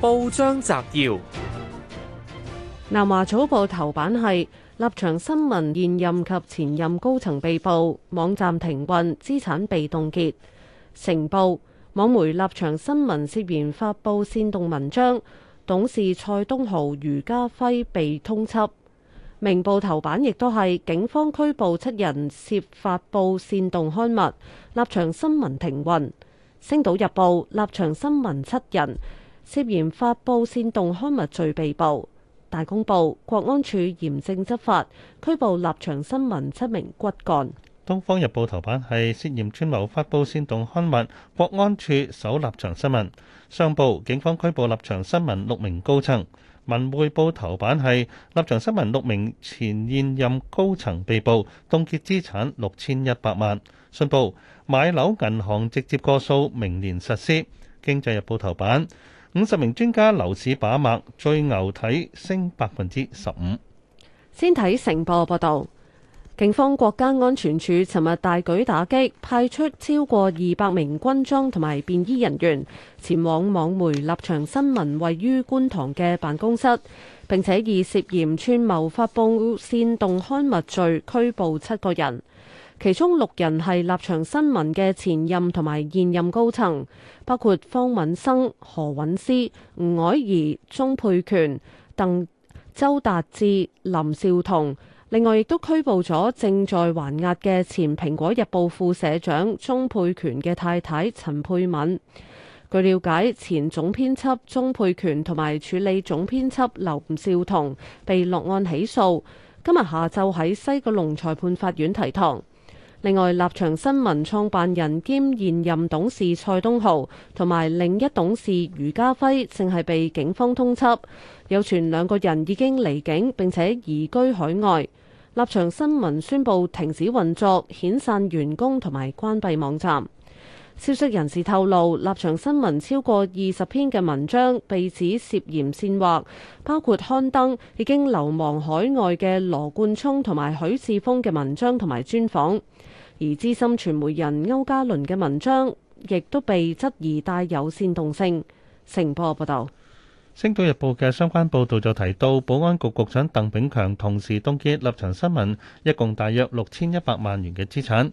報章摘要：南華早報頭版係立場新聞現任及前任高層被捕，網站停運，資產被凍結。成報網媒立場新聞涉嫌發布煽動文章，董事蔡東豪、余家輝被通緝。明報頭版亦都係警方拘捕七人，涉發布煽動刊物，立場新聞停運。星島日報立場新聞七人涉嫌發布煽動刊物罪被捕，大公報，國安處嚴正執法，拘捕立場新聞七名骨幹。《東方日報》頭版係涉嫌串謀發布煽動刊物，國安處搜立場新聞。商報，警方拘捕立場新聞六名高層，《文匯報》頭版係立場新聞六名前現任高層被捕，凍結資產六千一百萬。信報，買樓銀行直接過數，明年實施。《經濟日報》頭版。五十名專家樓市把脈，最牛睇升百分之十五。先睇《成報》報道，警方國家安全處尋日大舉打擊，派出超過二百名軍裝同埋便衣人員前往網媒立場新聞位於觀塘嘅辦公室，並且以涉嫌串謀發佈煽動刊物罪拘捕七個人。其中六人係立場新聞嘅前任同埋現任高層，包括方敏生、何韻詩、吳靄儀、鍾沛權、鄧周達智、林紹桐。另外，亦都拘捕咗正在還押嘅前蘋果日報副社長鍾沛權嘅太太陳沛敏。據了解，前總編輯鍾沛權同埋處理總編輯林紹桐被落案起訴，今日下晝喺西九龍裁判法院提堂。另外，立場新聞創辦人兼現任董事蔡東豪同埋另一董事余家輝正係被警方通緝，有傳兩個人已經離境並且移居海外。立場新聞宣布停止運作、遣散員工同埋關閉網站。消息人士透露，立場新聞超過二十篇嘅文章被指涉嫌煽惑，包括刊登已經流亡海外嘅羅冠聰同埋許智峰嘅文章同埋專訪。而資深傳媒人歐嘉倫嘅文章，亦都被質疑帶有煽動性。成波報，報道，《星島日報》嘅相關報道就提到，保安局局長鄧炳強同時凍結立場新聞，一共大約六千一百萬元嘅資產。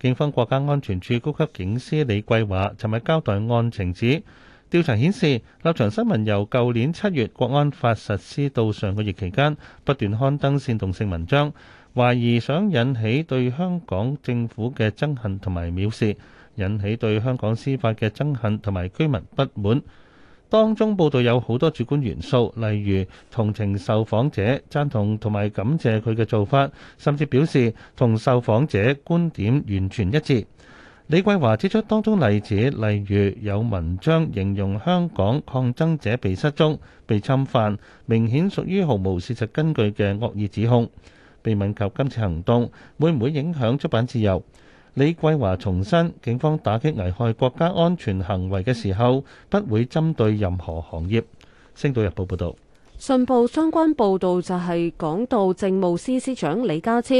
警方國家安全處高級警司李桂華尋日交代案情指，指調查顯示，立場新聞由舊年七月國安法實施到上個月期間，不斷刊登煽動性文章。懷疑想引起對香港政府嘅憎恨同埋藐視，引起對香港司法嘅憎恨同埋居民不滿。當中報導有好多主觀元素，例如同情受訪者、贊同同埋感謝佢嘅做法，甚至表示同受訪者觀點完全一致。李桂華指出，當中例子，例如有文章形容香港抗爭者被失蹤、被侵犯，明顯屬於毫無事實根據嘅惡意指控。被問及今次行動會唔會影響出版自由，李桂華重申警方打擊危害國家安全行為嘅時候，不會針對任何行業。星島日報報道，信報相關報導就係講到，政務司司長李家超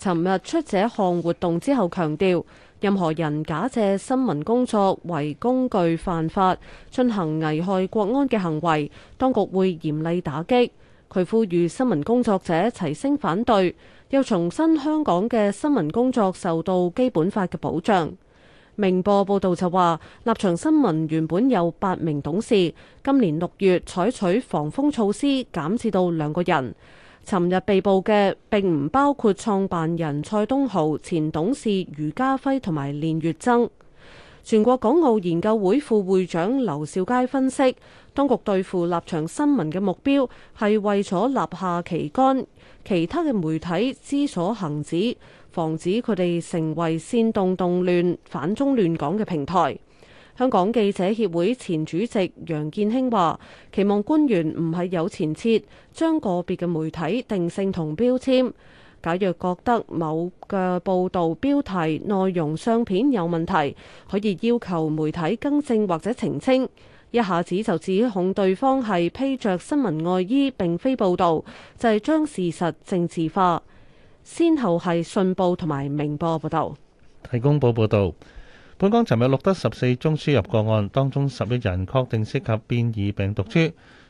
尋日出席一項活動之後強調，任何人假借新聞工作為工具犯法進行危害國安嘅行為，當局會嚴厲打擊。佢呼籲新聞工作者齊聲反對，又重申香港嘅新聞工作受到基本法嘅保障。明報報道就話，立場新聞原本有八名董事，今年六月採取防風措施，減至到兩個人。尋日被捕嘅，並唔包括創辦人蔡東豪、前董事余家輝同埋練乙錚。全國港澳研究會副會長劉兆佳分析，當局對付立場新聞嘅目標係為咗立下旗杆，其他嘅媒體知所行止，防止佢哋成為煽動動亂、反中亂港嘅平台。香港記者協會前主席楊健興話：期望官員唔係有前設，將個別嘅媒體定性同標籤。假若覺得某嘅報道標題、內容、相片有問題，可以要求媒體更正或者澄清。一下子就指控對方係披着新聞外衣，並非報導，就係將事實政治化。先後係信報同埋明報報道。大公報報道：本港昨日錄得十四宗輸入個案，當中十一人確定涉及變異病毒株。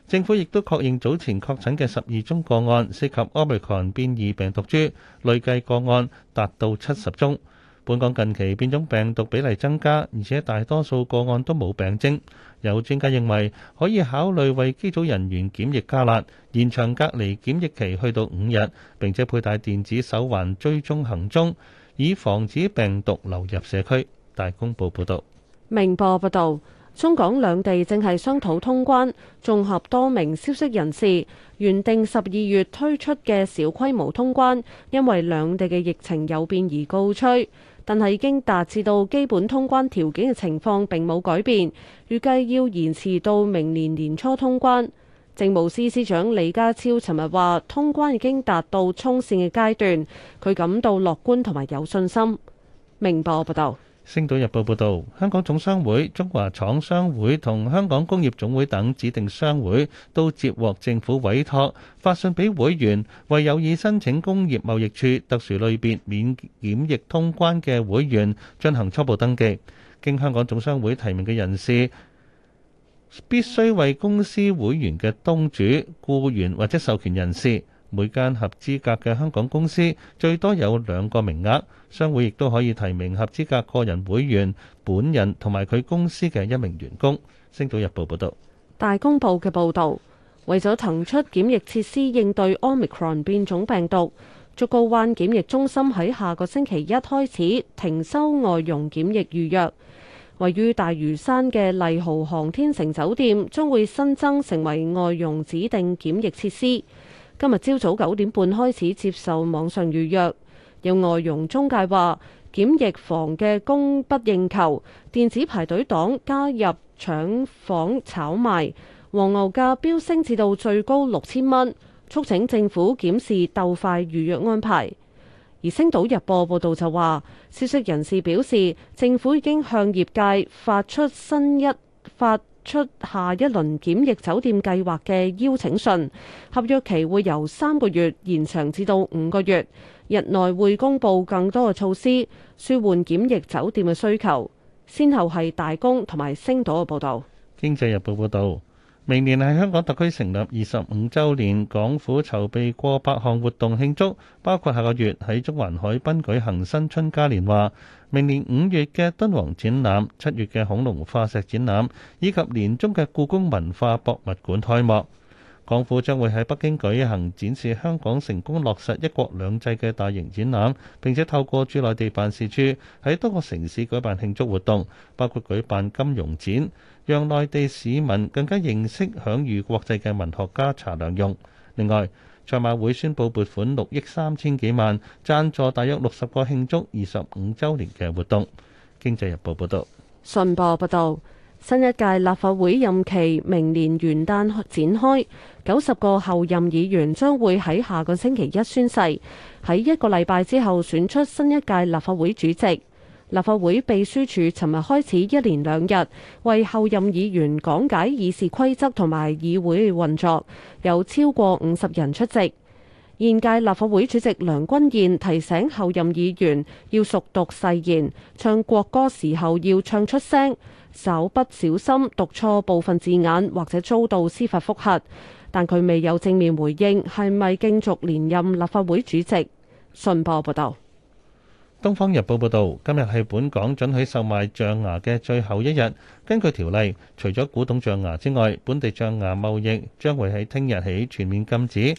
政府亦都確認早前確診嘅十二宗個案涉及 Omicron 變異病毒株，累計個案達到七十宗。本港近期變種病毒比例增加，而且大多數個案都冇病徵。有專家認為可以考慮為機組人員檢疫加辣，延長隔離檢疫期去到五日，並且佩戴電子手環追蹤行蹤，以防止病毒流入社區。大公報報導，明報報導。中港兩地正係商討通關，綜合多名消息人士，原定十二月推出嘅小規模通關，因為兩地嘅疫情有變而告吹。但係已經達至到基本通關條件嘅情況並冇改變，預計要延遲到明年年初通關。政務司司長李家超尋日話，通關已經達到沖線嘅階段，佢感到樂觀同埋有信心。明報報道。《星島日報》報道，香港總商會、中華廠商會同香港工業總會等指定商會都接獲政府委託，發信俾會員，為有意申請工業貿易處特殊類別免檢疫通關嘅會員進行初步登記。經香港總商會提名嘅人士，必須為公司會員嘅東主、僱員或者授權人士。每間合資格嘅香港公司最多有兩個名額，商會亦都可以提名合資格個人會員本人同埋佢公司嘅一名員工。星島日報報道、大公報嘅報導，為咗騰出檢疫設施應對 Omicron 變種病毒，竹篙灣檢疫中心喺下個星期一開始停收外傭檢疫預約。位於大嶼山嘅麗豪航天城酒店將會新增成為外傭指定檢疫設施。今日朝早九點半開始接受網上預約，有外傭中介話檢疫房嘅供不應求，電子排隊黨加入搶房炒賣，黃牛價飆升至到最高六千蚊，促請政府檢視鬥快預約安排。而星島日報報導就話，消息人士表示，政府已經向業界發出新一發出下一輪檢疫酒店計劃嘅邀請信，合約期會由三個月延長至到五個月，日內會公布更多嘅措施舒緩檢疫酒店嘅需求。先後係大公同埋星島嘅報道，《經濟日報》報道。明年係香港特區成立二十五週年，港府籌備過百項活動慶祝，包括下個月喺中環海濱舉行新春嘉年華，明年五月嘅敦煌展覽、七月嘅恐龍化石展覽，以及年中嘅故宮文化博物館開幕。港府將會喺北京舉行展示香港成功落實一國兩制嘅大型展覽，並且透過駐內地辦事處喺多個城市舉辦慶祝活動，包括舉辦金庸展，讓內地市民更加認識享譽國際嘅文學家查良鏞。另外，賽馬會宣布撥款六億三千幾萬，贊助大約六十個慶祝二十五週年嘅活動。經濟日報報道。信報報導。新一屆立法會任期明年元旦展開，九十個候任議員將會喺下個星期一宣誓，喺一個禮拜之後選出新一屆立法會主席。立法會秘書處尋日開始一連兩日為候任議員講解議事規則同埋議會運作，有超過五十人出席。現屆立法會主席梁君彥提醒候任議員要熟讀誓言，唱國歌時候要唱出聲，稍不小心讀錯部分字眼或者遭到司法覆核，但佢未有正面回應係咪競逐連任立法會主席。信報報道，《東方日報》報道，今日係本港准許售賣象牙嘅最後一日。根據條例，除咗古董象牙之外，本地象牙貿易將會喺聽日起全面禁止。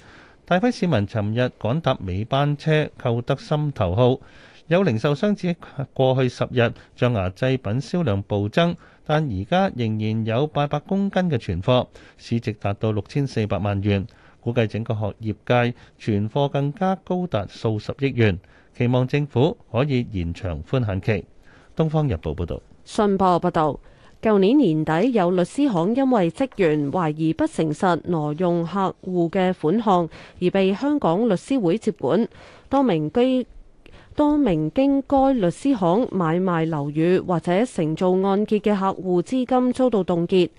大批市民尋日趕搭尾班車，購得心頭好。有零售商指過去十日象牙製品銷量暴增，但而家仍然有八百公斤嘅存貨，市值達到六千四百萬元。估計整個學業界存貨更加高達數十億元，期望政府可以延長寬限期。《東方日報》報道，《信報》報道。舊年年底有律師行因為職員懷疑不誠實挪用客戶嘅款項，而被香港律師會接管。多名經多名經該律師行買賣樓宇或者承造按揭嘅客戶資金遭到凍結。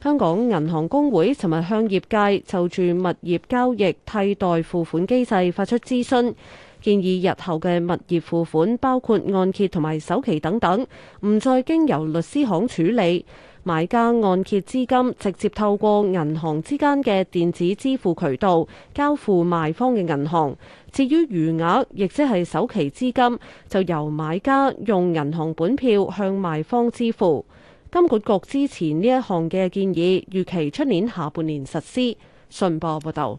香港銀行公會尋日向業界就住物業交易替代付款機制發出諮詢。建議日後嘅物業付款，包括按揭同埋首期等等，唔再經由律師行處理，買家按揭資金直接透過銀行之間嘅電子支付渠道交付賣方嘅銀行。至於餘額，亦即係首期資金，就由買家用銀行本票向賣方支付。金管局支持呢一項嘅建議，預期出年下半年實施。信報報道。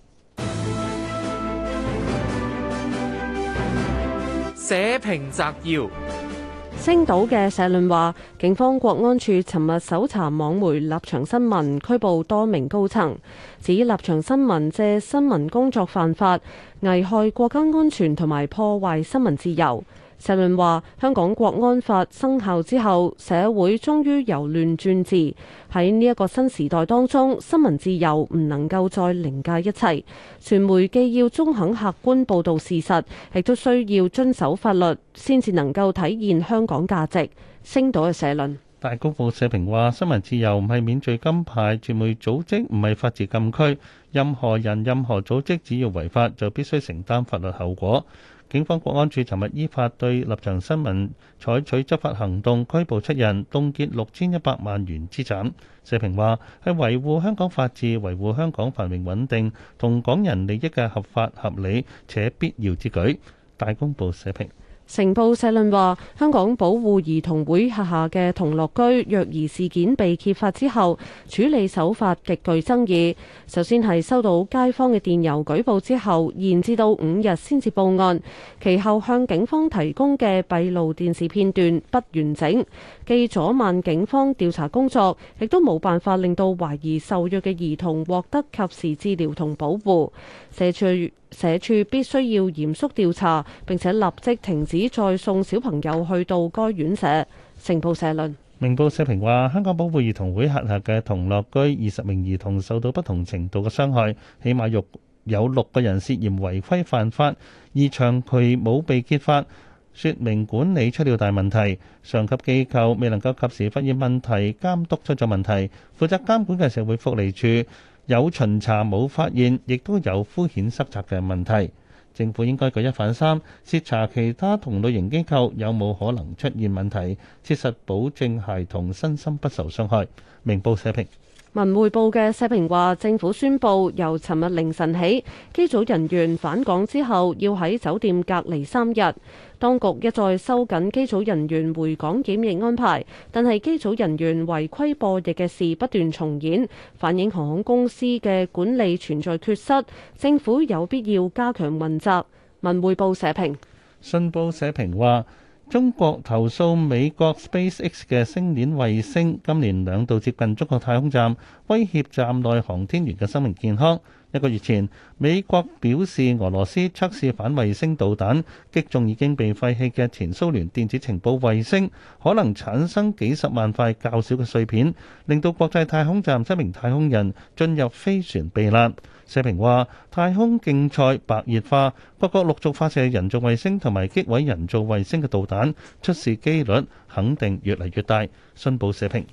報章摘要：星島嘅社論話：警方國安處尋日搜查網媒立場新聞，拘捕多名高層，指立場新聞借新聞工作犯法，危害國家安全同埋破壞新聞自由。社論話，香港國安法生效之後，社會終於由亂轉治。喺呢一個新時代當中，新聞自由唔能夠再凌駕一切。傳媒既要中肯客觀報道事實，亦都需要遵守法律，先至能夠體現香港價值。星島嘅社論，大公報社評話：新聞自由唔係免罪金牌，傳媒組織唔係法治禁區。任何人、任何組織，只要違法，就必須承擔法律後果。警方國安處尋日依法對立場新聞採取執法行動，拘捕七人，凍結六千一百萬元資產。社評話係維護香港法治、維護香港繁榮穩定同港人利益嘅合法、合理且必要之舉。大公報社評。成報社論話：香港保護兒童會轄下嘅童樂居虐兒事件被揭發之後，處理手法極具爭議。首先係收到街坊嘅電郵舉報之後，延至到五日先至報案。其後向警方提供嘅閉路電視片段不完整，既阻慢警方調查工作，亦都冇辦法令到懷疑受虐嘅兒童獲得及時治療同保護。社署。社署必須要嚴肅調查，並且立即停止再送小朋友去到該院舍。成報社論，明報社評話：香港保護兒童會轄下嘅童樂居二十名兒童受到不同程度嘅傷害，起碼有六個人涉嫌違規犯法，而長期冇被揭發，說明管理出了大問題，上級機構未能夠及時發現問題，監督出咗問題，負責監管嘅社會福利處。有巡查冇發現，亦都有敷衍塞責嘅問題，政府應該舉一反三，徹查其他同類型機構有冇可能出現問題，切實保證孩童身心不受傷害。明報社評。文匯報嘅社評話，政府宣布由尋日凌晨起，機組人員返港之後要喺酒店隔離三日。當局一再收緊機組人員回港檢疫安排，但係機組人員違規爆疫嘅事不斷重演，反映航空公司嘅管理存在缺失。政府有必要加強問責。文匯報社評。信報社評話。中國投訴美國 SpaceX 嘅星鏈衛星，今年兩度接近中國太空站，威脅站內航天員嘅生命健康。一個月前，美國表示俄羅斯測試反衛星導彈擊中已經被廢棄嘅前蘇聯電子情報衛星，可能產生幾十萬塊較小嘅碎片，令到國際太空站七名太空人進入飛船避難。社評話：太空競賽白熱化，各國陸續發射人造衛星同埋擊毀人造衛星嘅導彈，出事機率肯定越嚟越大。新報社評。